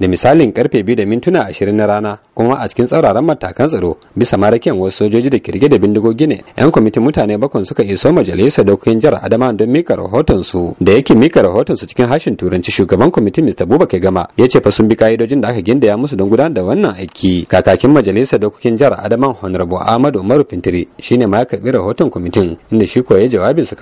da misalin karfe biyu da mintuna ashirin na rana kuma a cikin tsauraran matakan tsaro bisa marakiyan wasu sojoji da kirge da bindigogi ne yan kwamitin mutane bakwai suka iso majalisar dokokin jihar adama don mika rahoton su da yake mika rahoton su cikin harshen turanci shugaban kwamitin mr ke gama ya ce fa sun bi ka'idojin da aka gindaya musu don gudanar da wannan aiki kakakin majalisar dokokin jihar adama honorable ahmadu umaru fintiri shine ma ya karbi rahoton kwamitin inda shi koya jawabinsa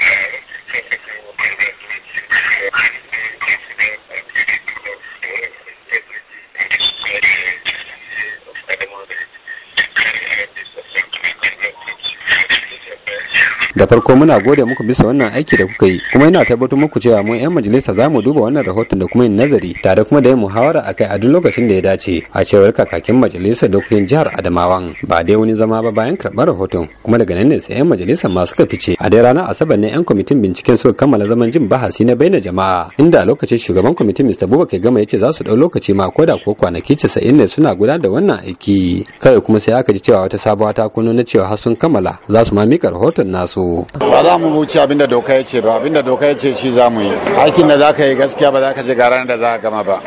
da farko muna gode muku bisa wannan aiki da kuka yi kuma ina tabbatar muku cewa mu yan majalisa za mu duba wannan rahoton da kuma yin nazari tare kuma da yin muhawara kai a duk lokacin da ya dace a cewar kakakin majalisar dokokin jihar adamawan ba dai wani zama ba bayan karɓar rahoton kuma daga nan ne sai yan majalisar ma suka fice a dai ranar asabar ne yan kwamitin binciken suka kammala zaman jin bahasi na na jama'a inda a lokacin shugaban kwamitin mr Buba kai gama ya ce za su ɗau lokaci ma ko da ko kwanaki casa'in ne suna gudanar da wannan aiki kawai kuma sai aka ji cewa wata sabuwa ta kuno na cewa har sun kammala za su ma mika rahoton nasu to ba za mu wuce abinda doka ya ce ba abinda doka ya ce shi za mu yi aikin da za ka yi gaskiya ba za ka je ga da za ka gama ba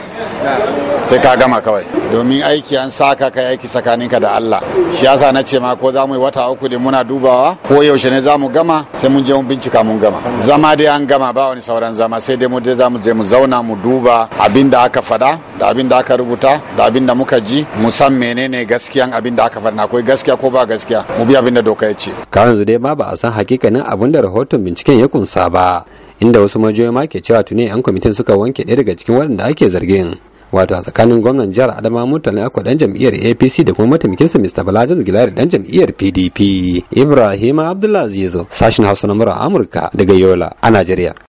sai ka gama kawai domin aiki an saka kai aiki tsakaninka da Allah shi yasa na ce ma ko za mu yi wata uku da muna dubawa ko yaushe ne za mu gama sai mun je mun bincika mun gama zama dai an gama ba wani sauran zama sai dai mu dai za mu je mu zauna mu duba abin da aka faɗa da abin da aka rubuta da abin da muka ji mu san menene gaskiyan abin da aka faɗa akwai gaskiya ko ba gaskiya mu bi abin da doka ya ce kawai dai ma ba a san hakikanin abin da rahoton binciken ya kunsa ba inda wasu majiyoyi ma ke cewa tuni 'yan kwamitin suka wanke ɗaya daga cikin waɗanda ake zargin wato a tsakanin gwamnan jihar adama murtala akwai dan jam'iyyar apc da kuma mataimakinsa mr balajan gilari dan jam'iyyar pdp ibrahim zizo sashin hausa na mura amurka daga yola a najeriya